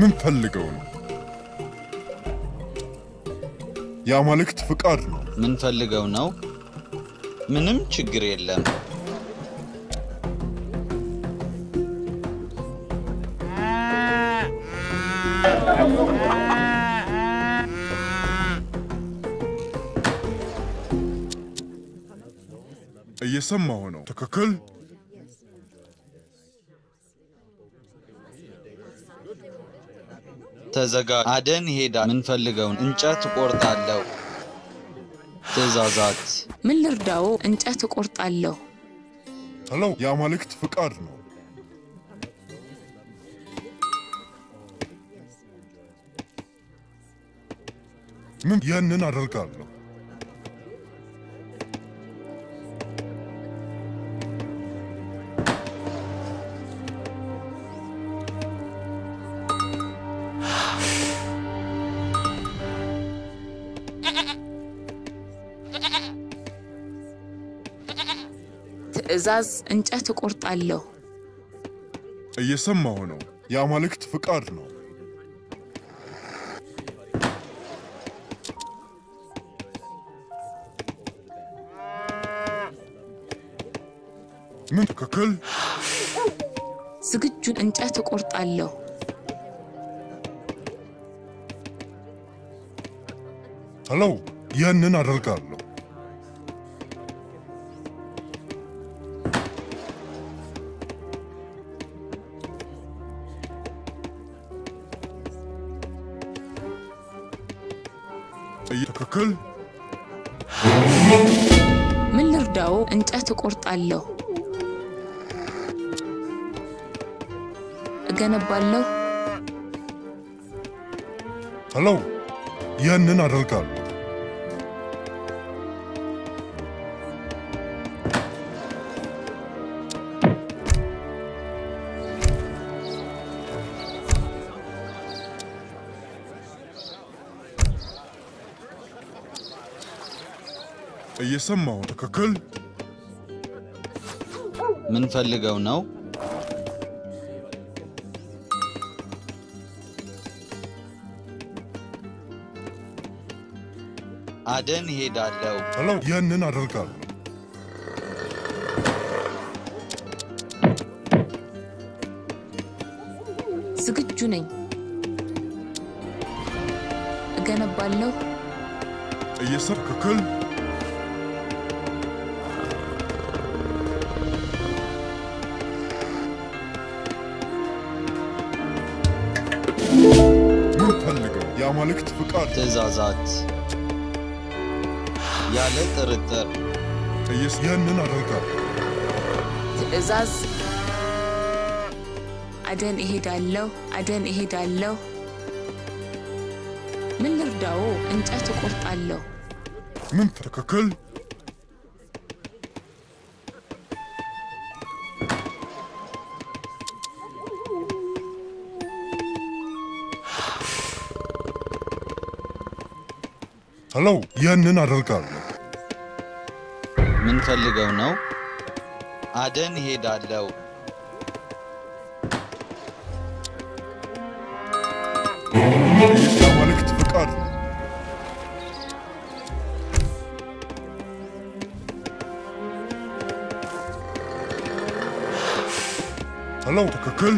ምን ፈልገው ነው? የአማልክት ፍቃድ ነው። ምን ፈልገው ነው? ምንም ችግር የለም። እየሰማሁ ነው። ትክክል ተዘጋ አደን ሄዳ ምንፈልገውን እንጨት ቆርጣለሁ። ትእዛዛት ምን ልርዳው? እንጨት ቆርጣለሁ ሄሎ፣ የአማልክት ፍቃድ ነው። ምን ያንን አደርጋለሁ ትእዛዝ እንጨት እቆርጣለሁ። እየሰማሁ ነው። የአማልክት ፍቃድ ነው። ምን ትክክል? ዝግጁን እንጨት እቆርጣለሁ። ሄሎ፣ ያንን አደርጋለሁ። እቆርጣለሁ፣ እገነባለሁ። ሄሎ፣ ያንን አደርጋለሁ። እየሰማሁ ትክክል ፈልገው ነው። አደን ሄዳለው። ያንን አደርጋለሁ። ዝግጁ ነኝ። እገነባለሁ። እየሰርክክል የአማልክት ፍቃድ፣ ትእዛዛት ያለ ጥርጥር ኢየሱስ ይህንን አደርጋል። ትእዛዝ አደን እሄዳለሁ፣ አደን እሄዳለሁ። ምን ልርዳው? እንጨት እቆርጣለሁ። ምን ትክክል ከተከፈለው ይህንን አደርጋለሁ። ምን ፈልገው ነው? አደን ይሄዳለው። መልእክት ፍቃድ ነው። ሄሎ፣ ትክክል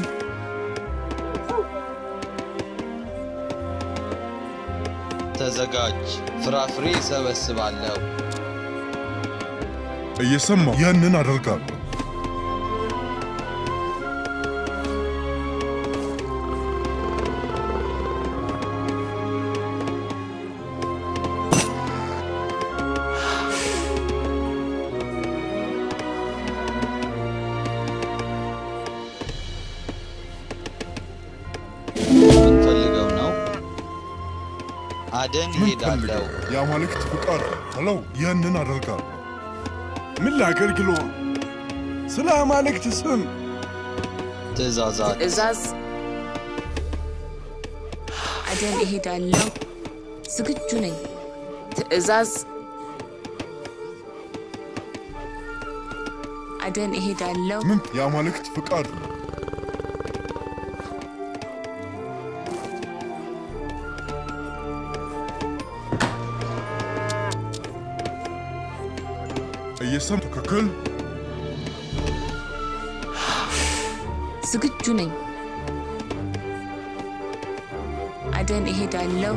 ሳዘጋጅ ፍራፍሬ እሰበስባለሁ። እየሰማሁ ያንን አደርጋለሁ። ለማዳን እሄዳለሁ። የአማልክት ፍቃድ አለው። ያንን አደርጋል። ምን ላገልግሎ? ስለ አማልክት ስም ትእዛዛት ትእዛዝ አደን እሄዳለሁ። ዝግጁ ነኝ። ትእዛዝ አደን እሄዳለሁ። ምን የአማልክት ፍቃድ ነው። እየሰም ትክክል ዝግጁ ነኝ። አደን እሄዳለሁ።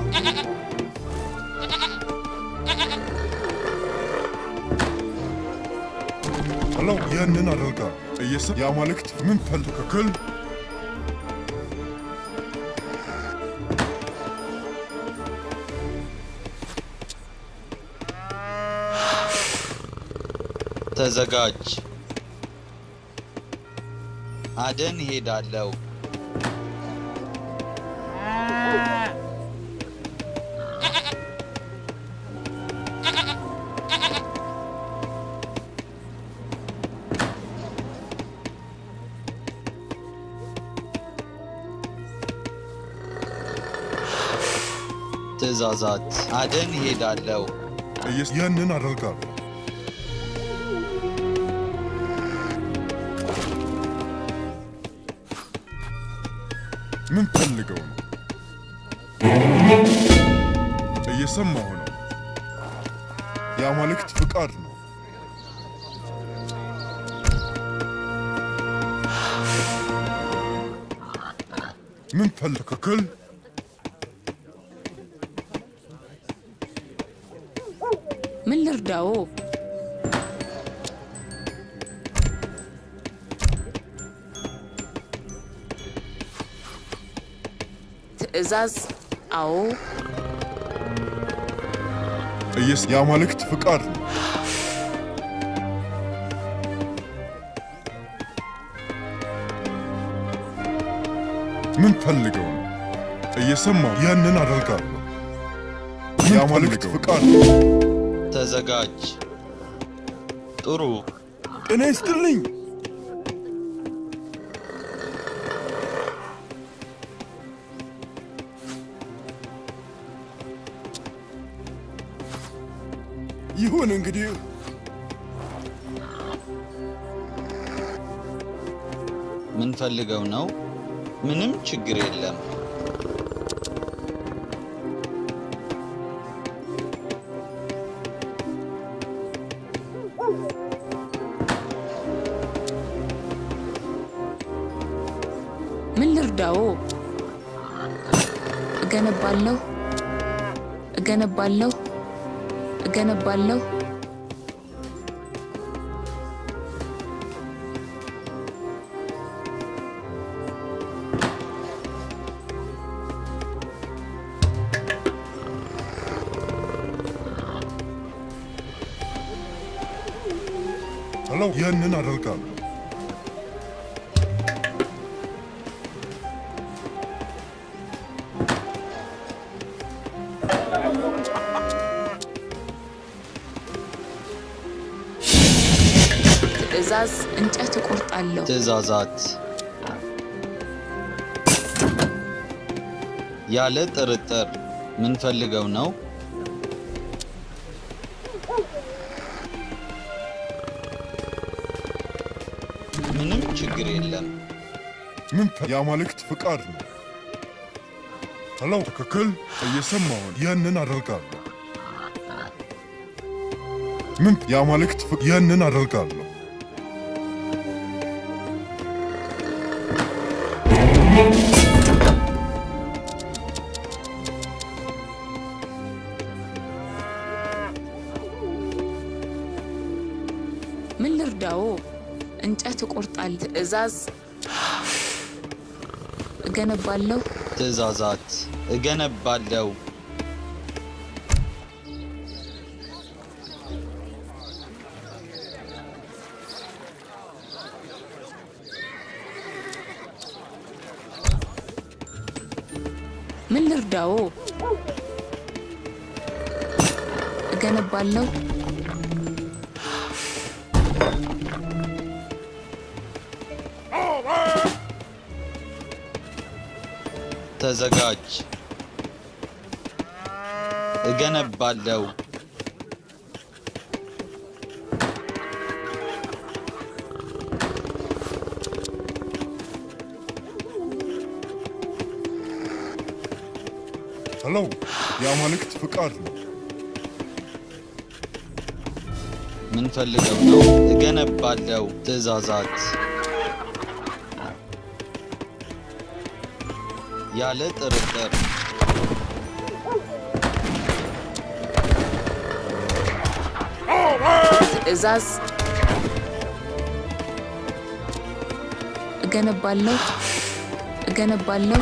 አለው ይህንን አደርጋ እየሰም የአማልክት ምን ፈል ትክክል ተዘጋጅ። አደን ሄዳለሁ። ትእዛዛት አደን ሄዳለሁ። ያንን አደርጋለሁ። ምን ፈልገው ነው? እየሰማሁ ነው። የአማልክት ፍቃድ ነው። ምን ፈለከክል? ትእዛዝ? አዎ ጥይስ የአማልክት ፍቃድ ነው። ምን ፈልገው ነው? እየሰማ ያንን አደርጋለሁ። የአማልክት ፍቃድ ነው። ተዘጋጅ። ጥሩ ጤና ይስጥልኝ። ፈልገው ነው። ምንም ችግር የለም። ምን ልርዳዎ? እገነባለሁ፣ እገነባለሁ፣ እገነባለሁ ያንን አደርጋለሁ። ትእዛዝ እንጨት እቆርጣለሁ። ትእዛዛት ያለ ጥርጥር ምንፈልገው ነው? የአማልክት ፍቃድ ነው። ተለው ትክክል እየሰማውን ይህንን አደርጋለሁ። ምን የአማልክት ይህንን አደርጋለሁ። ምን ልርዳዎ? እንጨት እቆርጣል ትዕዛዝ እገነባለሁ። ትእዛዛት እገነባለሁ። ምን ልርዳዎ? እገነባለሁ ተዘጋጅ። እገነባለው ሄሎ፣ የአማልክት ፍቃድ ነው። ምን ፈልገው ነው? እገነባለው ትእዛዛት Yalet ırıtlar. Esas gonna ballo gonna ballo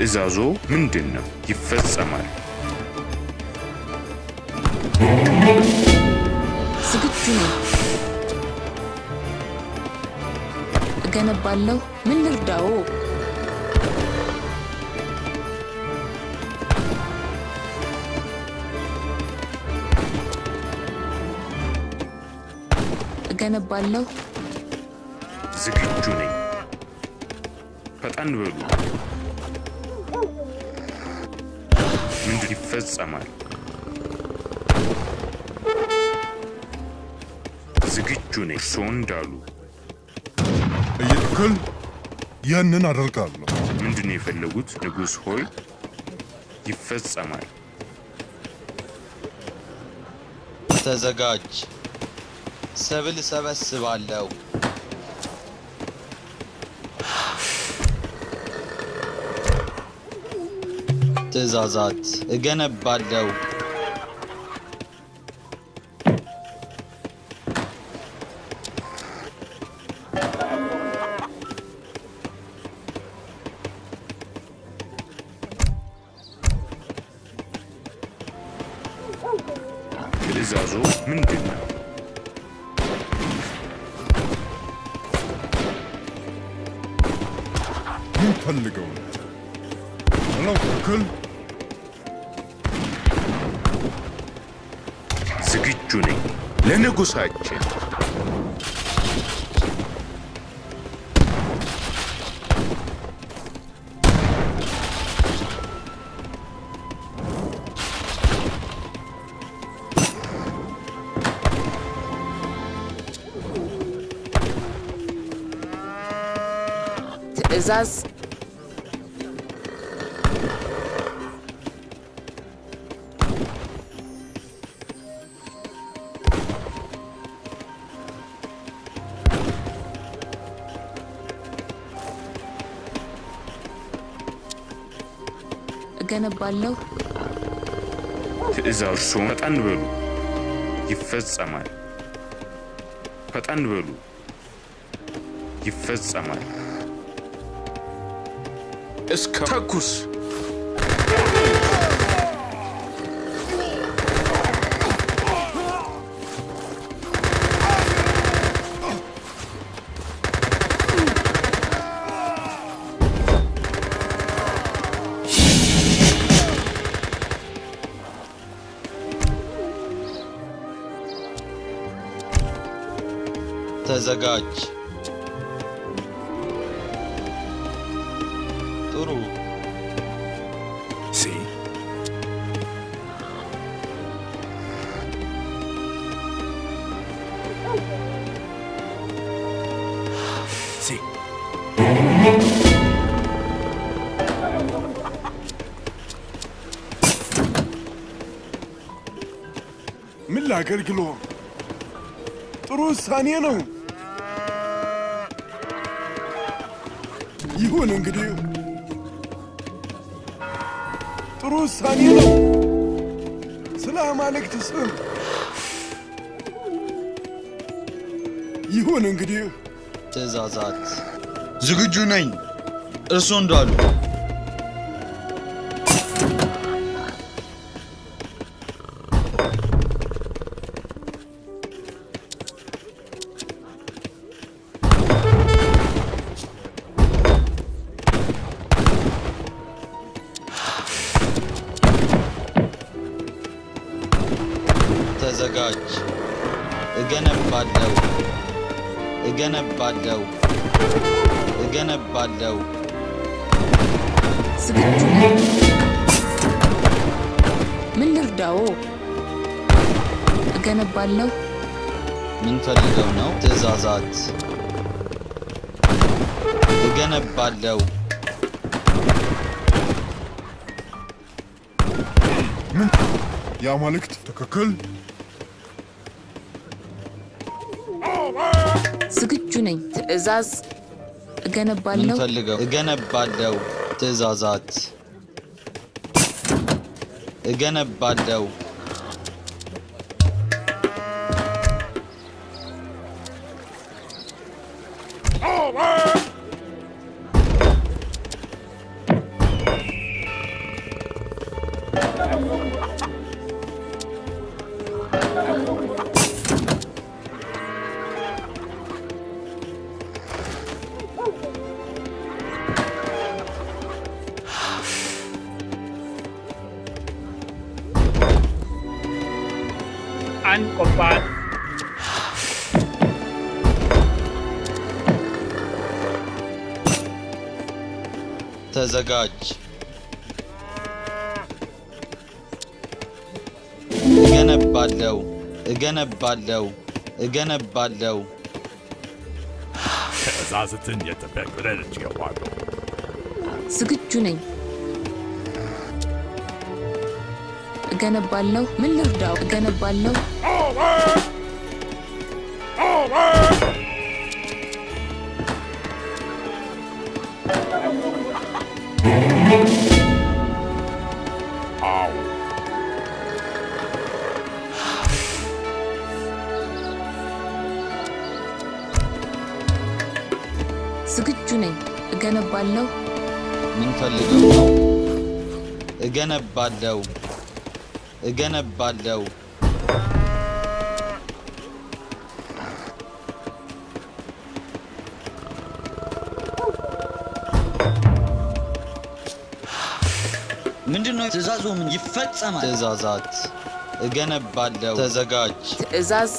ትዕዛዞ ምንድን ነው? ይፈጸማል። ዝግጁ ነው። እገነባለሁ። ምን ልርዳዎ? እገነባለሁ። ዝግጁ ነኝ። ፈጣን በሉ። ይፈጸማል። ዝግጁ ነኝ። እርስዎ እንዳሉ እየትክል ያንን አደርጋለሁ። ምንድን የፈለጉት ንጉሥ ሆይ? ይፈጸማል። ተዘጋጅ። ሰብል ሰበስባለሁ። ትእዛዛት እገነባለሁ። Кусаччи. Зас እገነባለሁ። ትእዛዝ እርሱም ፈጠን በሉ ይፈጸማል። ፈጠን በሉ ይፈጸማል። እስከ ተኩስ الدجاج ترو سي سي من لا قلقلون تروس ثانية نوم ይሁን እንግዲህ ጥሩ ውሳኔ ነው። ስለ አማልክት ስም ይሁን እንግዲህ ትእዛዛት ዝግጁ ነኝ። እርሶ እንዳሉ እገባለሁ። ምን ፈልገው ነው? ትእዛዛት እገነባለሁ። ምን የአማልክት ትክክል። ዝግጁ ነኝ። ትእዛዝ እገነባለሁ። እገነባለሁ። ትእዛዛት እገነባለሁ። ተዘጋጅ። እገነባለው እገነባለው እገነባለው። ትዕዛዝትን የተበግረች ይገባሉ። ዝግጁ ነኝ። እገነባለሁ። ምን ልርዳው? እገነባለሁ። ነው ምን ፈልገው ነው? እገነባለው እገነባለው ምንድነው ትእዛዙ? ምን ይፈጸማል? ትእዛዛት እገነባለው። ተዘጋጅ። ትእዛዝ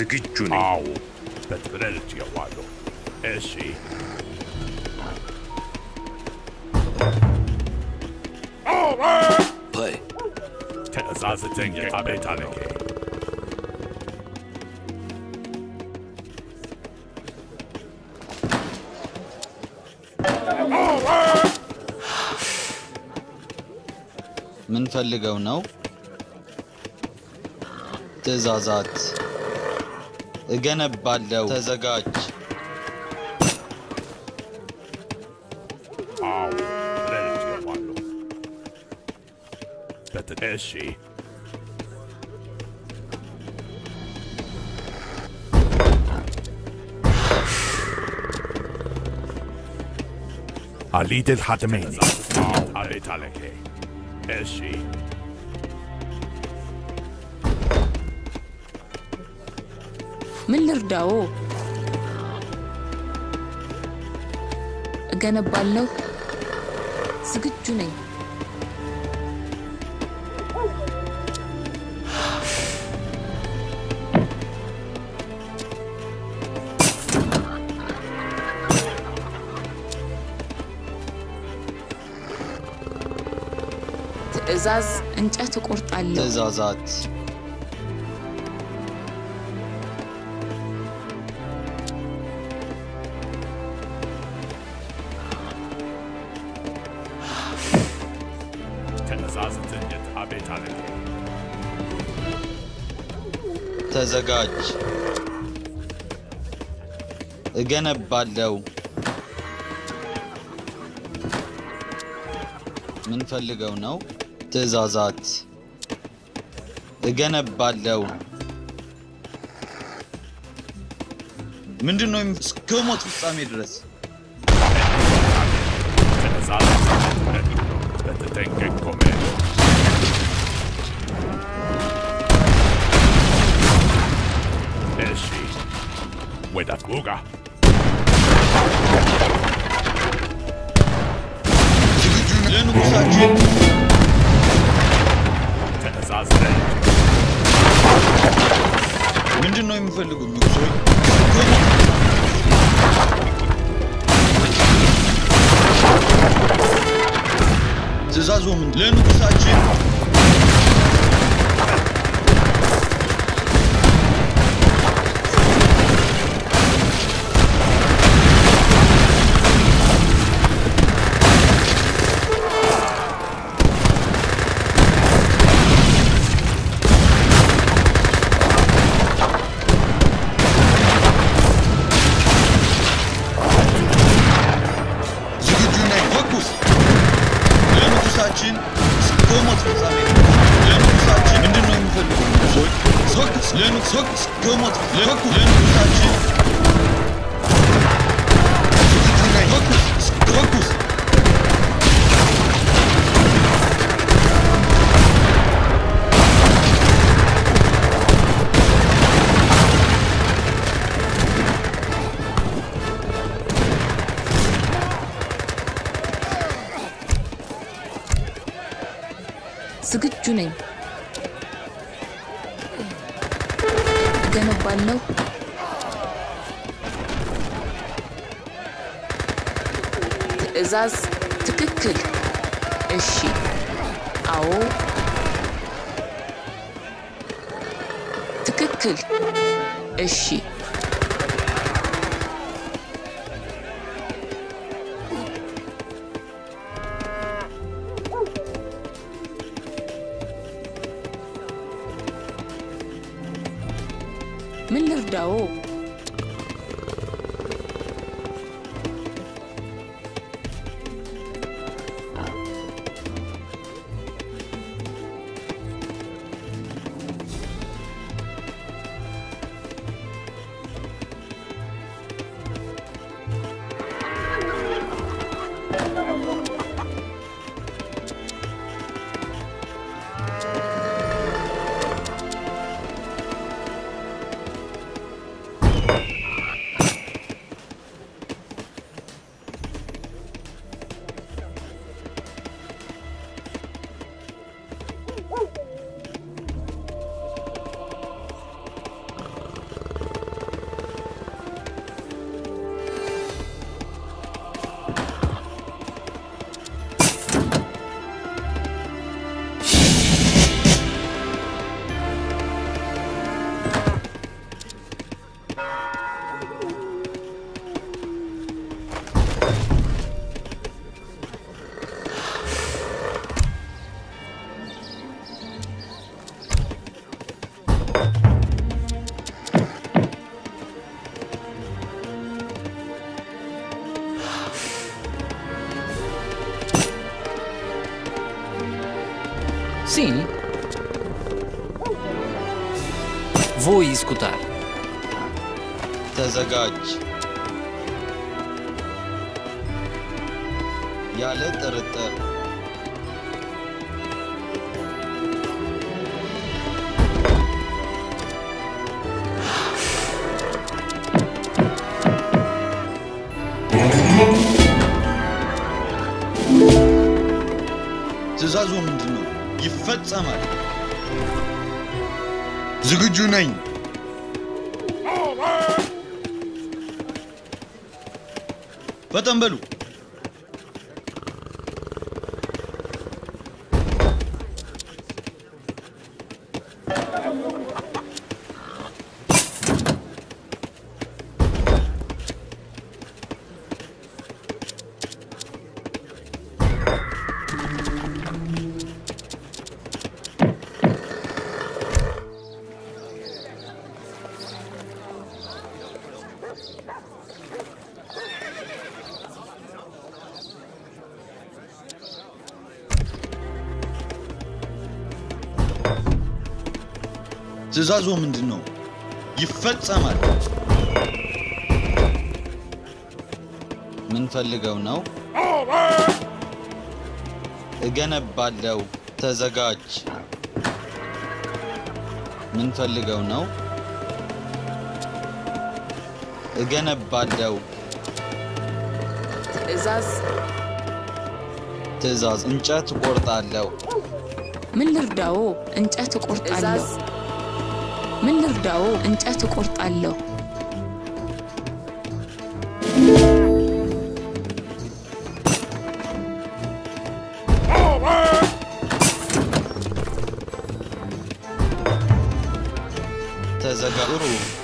ዝግጁ ነኝ። አዎ፣ በትክክል ችየዋለሁ። እሺ ትዕዛዝህን የታቤታ ቤት አለቄ ምን ፈልገው ነው? ትዕዛዛት እገነባለሁ። ተዘጋጅ። እሺ عليد الحتمين عليت عليك ايشي ምን ልርዳዎ? እገነባለሁ። ዝግጁ ነኝ። ትዕዛዝ እንጨት እቆርጣለሁ። ትዕዛዛት ተዘጋጅ። እገነባለው። ምን ፈልገው ነው? ትዕዛዛት እገነባለው። ምንድን ነው እስከ ሞት ፍጻሜ ድረስ Uga. Cümlelerini bu ምንድን ነው የሚፈልጉት? ንጉሶይ ትዕዛዙ ለንጉሳችን አዘጋጅ። ያለ ጥርጥር ትዕዛዙ ምንድን ነው? ይፈጸማል። ዝግጁ ነኝ። በጠንበሉ ትእዛዙ ምንድን ነው? ይፈጸማል። ምን ፈልገው ነው? እገነባለው። ተዘጋጅ። ምን ፈልገው ነው? እገነባለው። ትእዛዝ ትእዛዝ እንጨት ቆርጣለው ምን ልርዳዎ? እንጨት ቆርጣለው من نردعو انتاتو قرط اللو تزاقعو روو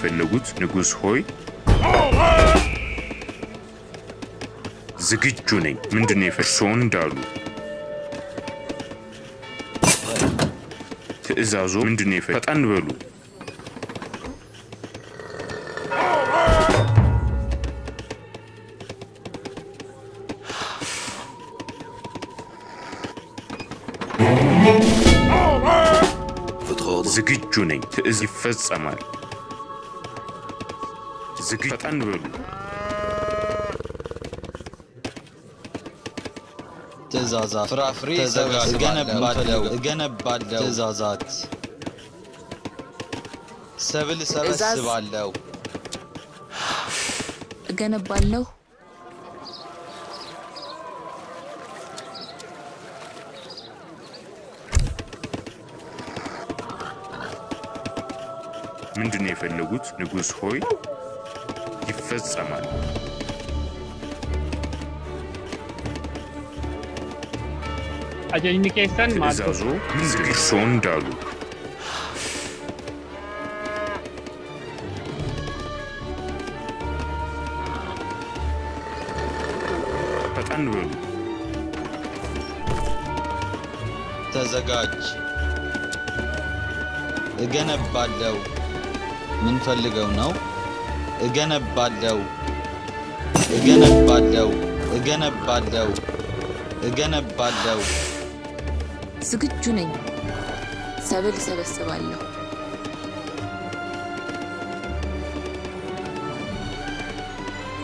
የሚፈልጉት? ንጉሥ ሆይ? ዝግጁ ነኝ። ምንድን ነው እንዳሉ ትእዛዞ ምንድን ነው? ፈጣን በሉ። ዝግጁ ነኝ። ትእዝ ይፈጸማል። ዝግጅ ፈጠን በሉ። ትእዛዛት ፍራፍሬ እገነባለሁ እገነባለሁ። ትእዛዛት ሰብል ሰበስባለሁ እገነባለሁ። ምንድን ነው የፈለጉት? ንጉሥ ሆይ ይፈጸማል። ትእዛዙ ዝግጁ እንዳሉ ፈጠን በሉ። ተዘጋጅ፣ እገነባለው። ምን ፈልገው ነው? እገነባለው እገነባለው እገነባለው እገነባለው። ዝግጁ ነኝ። ሰብል እሰበስባለሁ።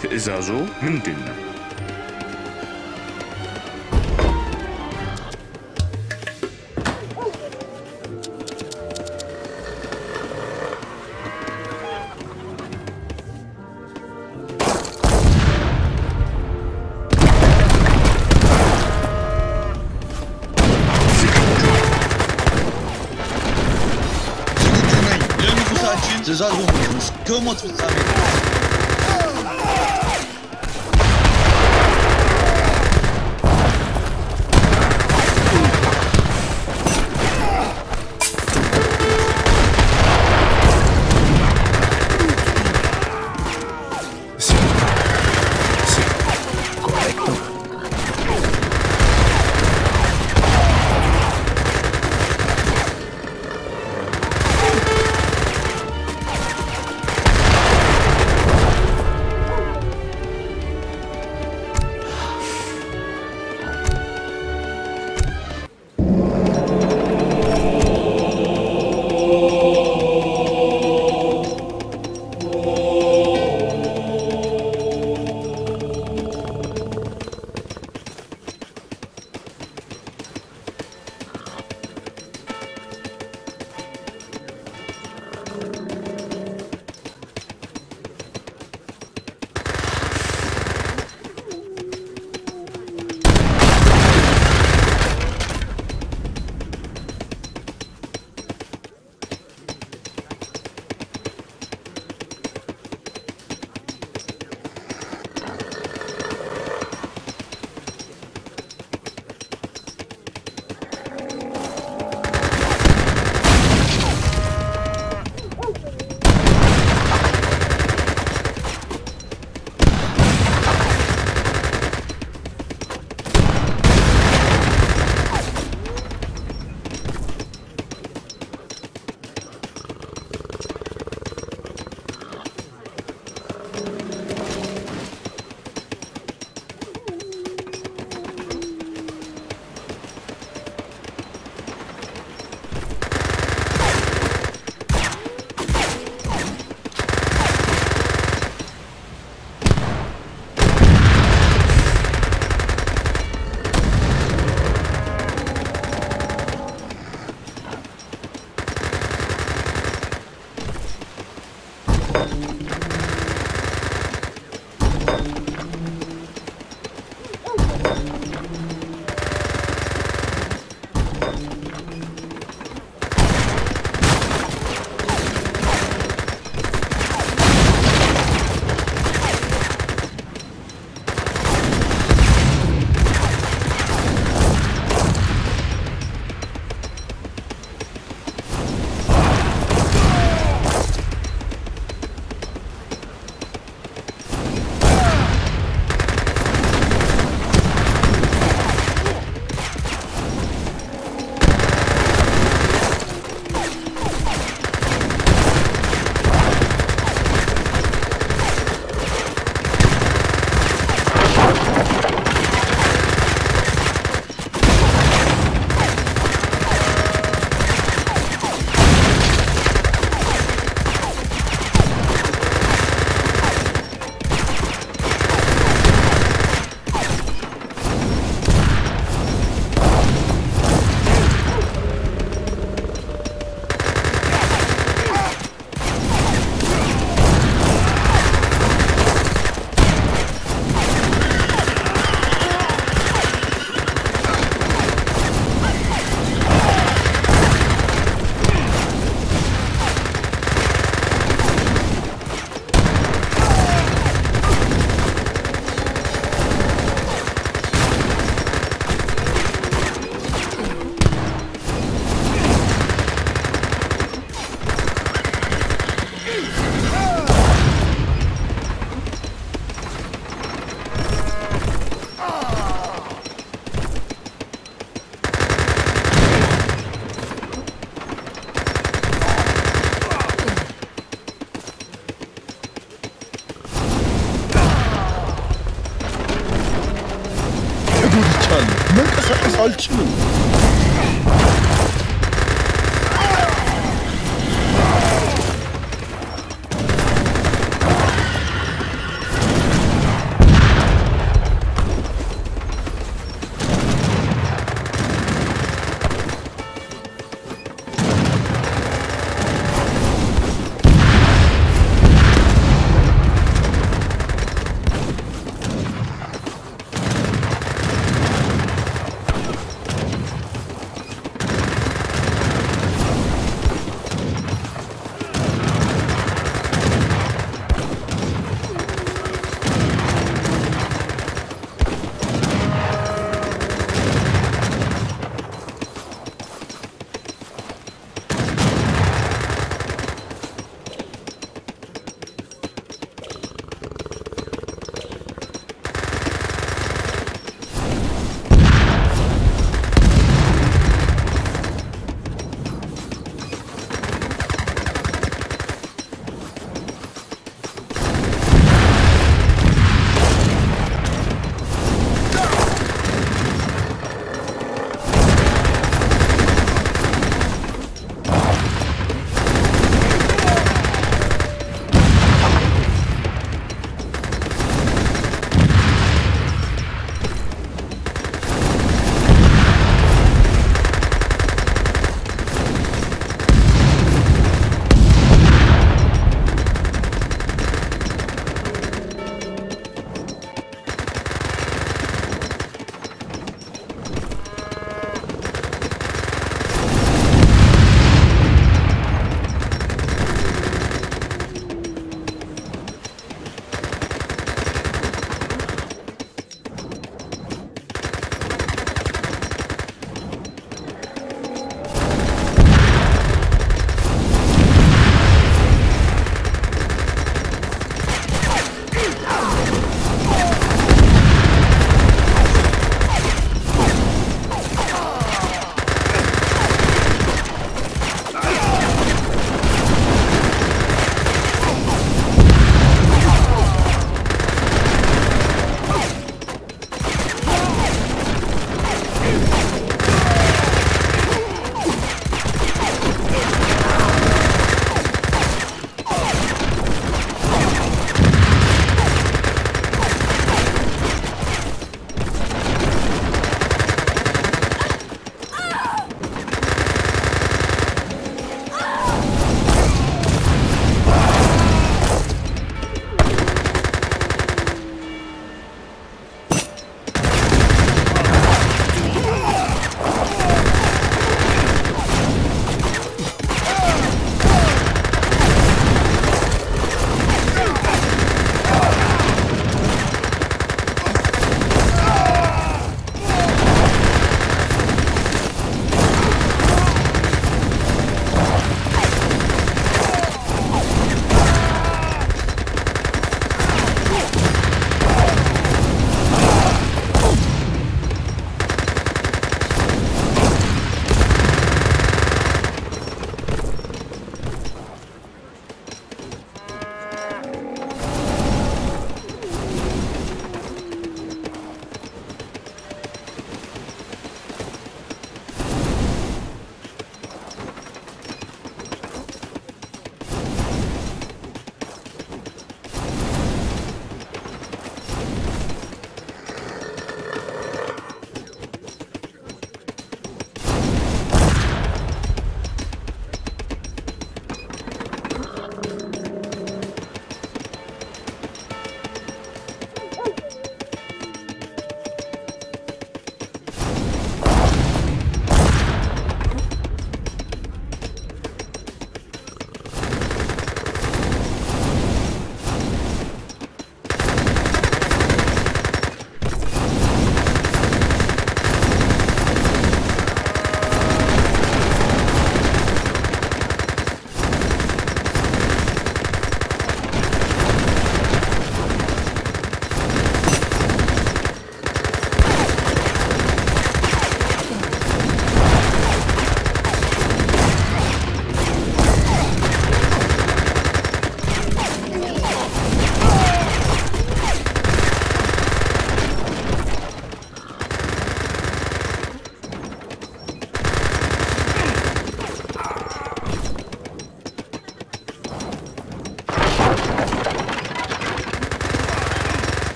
ትዕዛዞ ምንድን ነው? so much for that.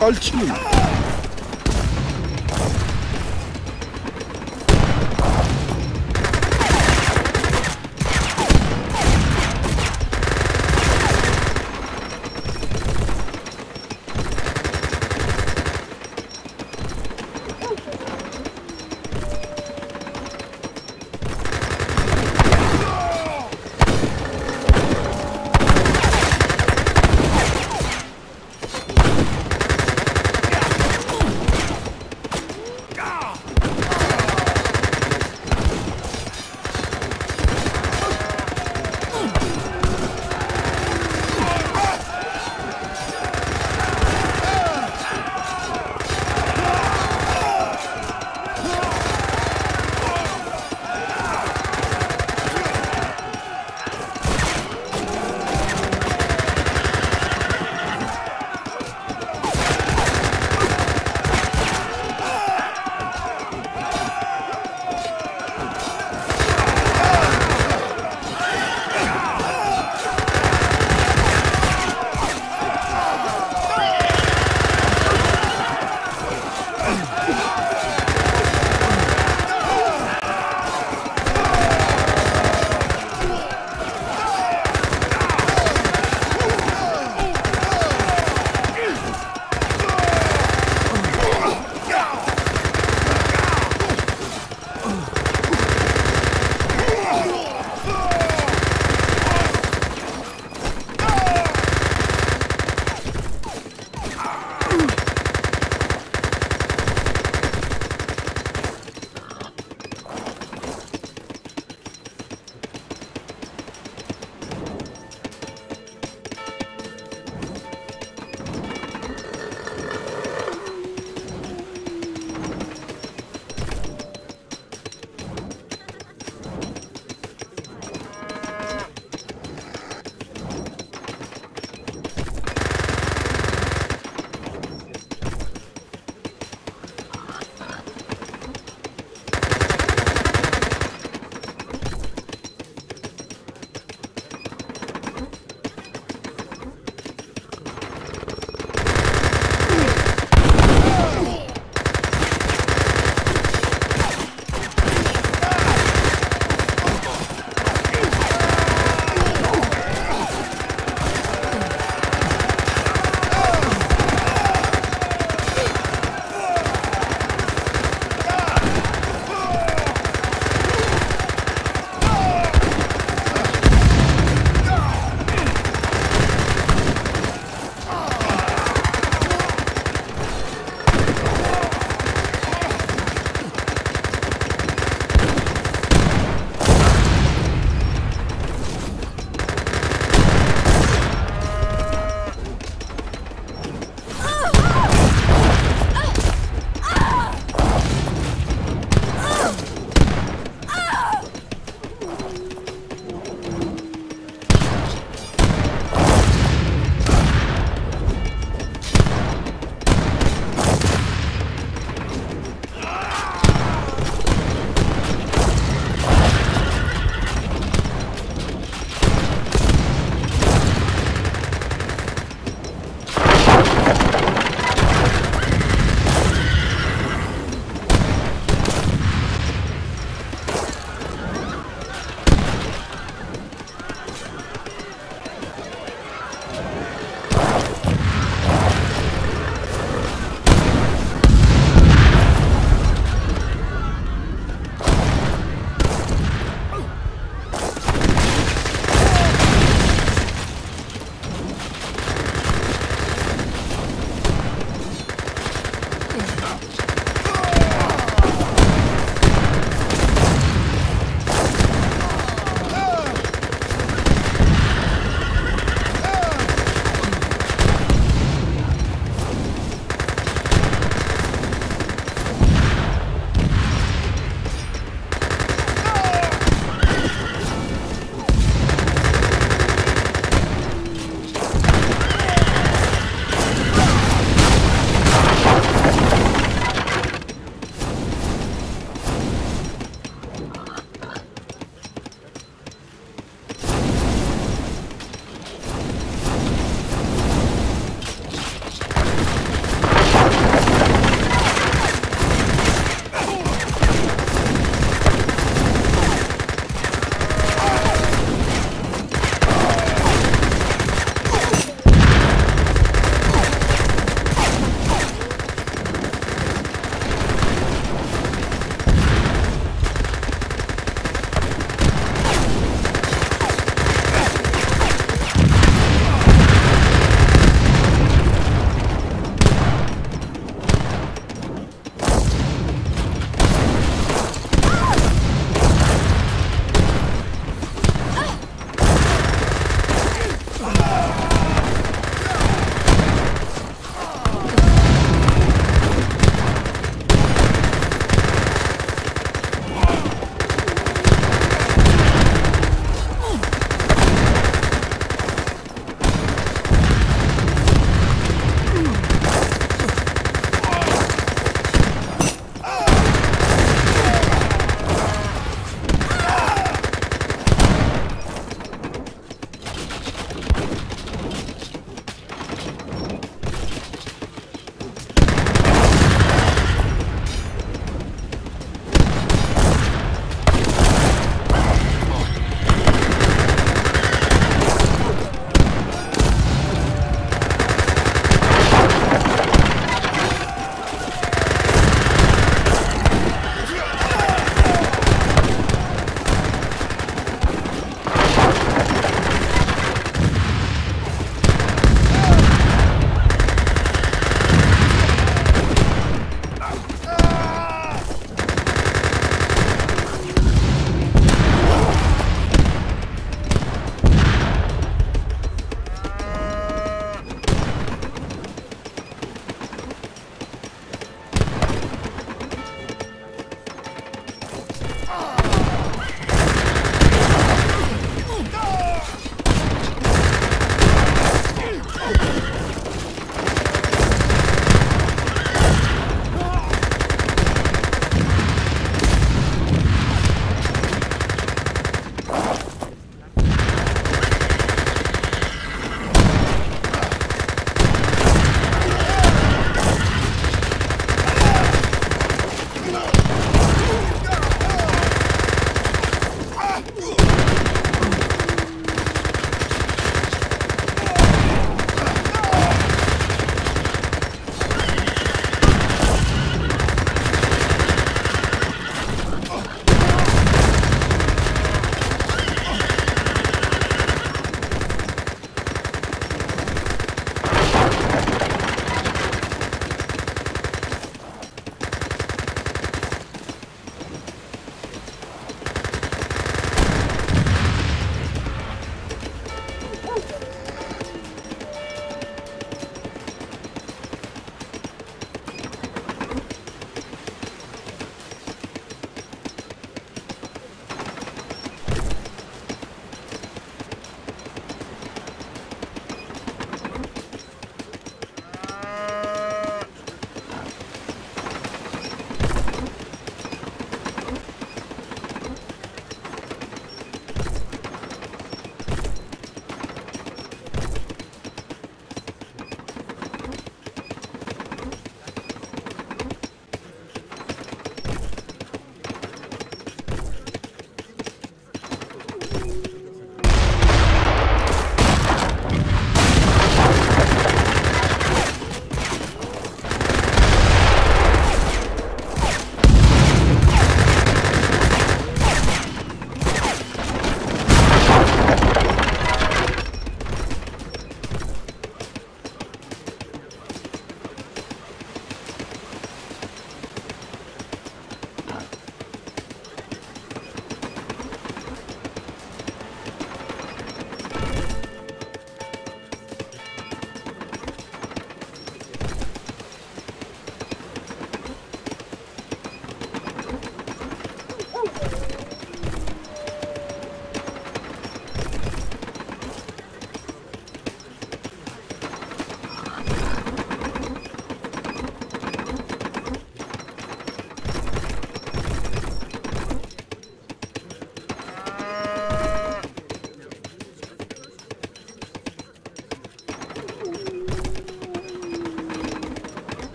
설치는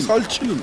Salçının.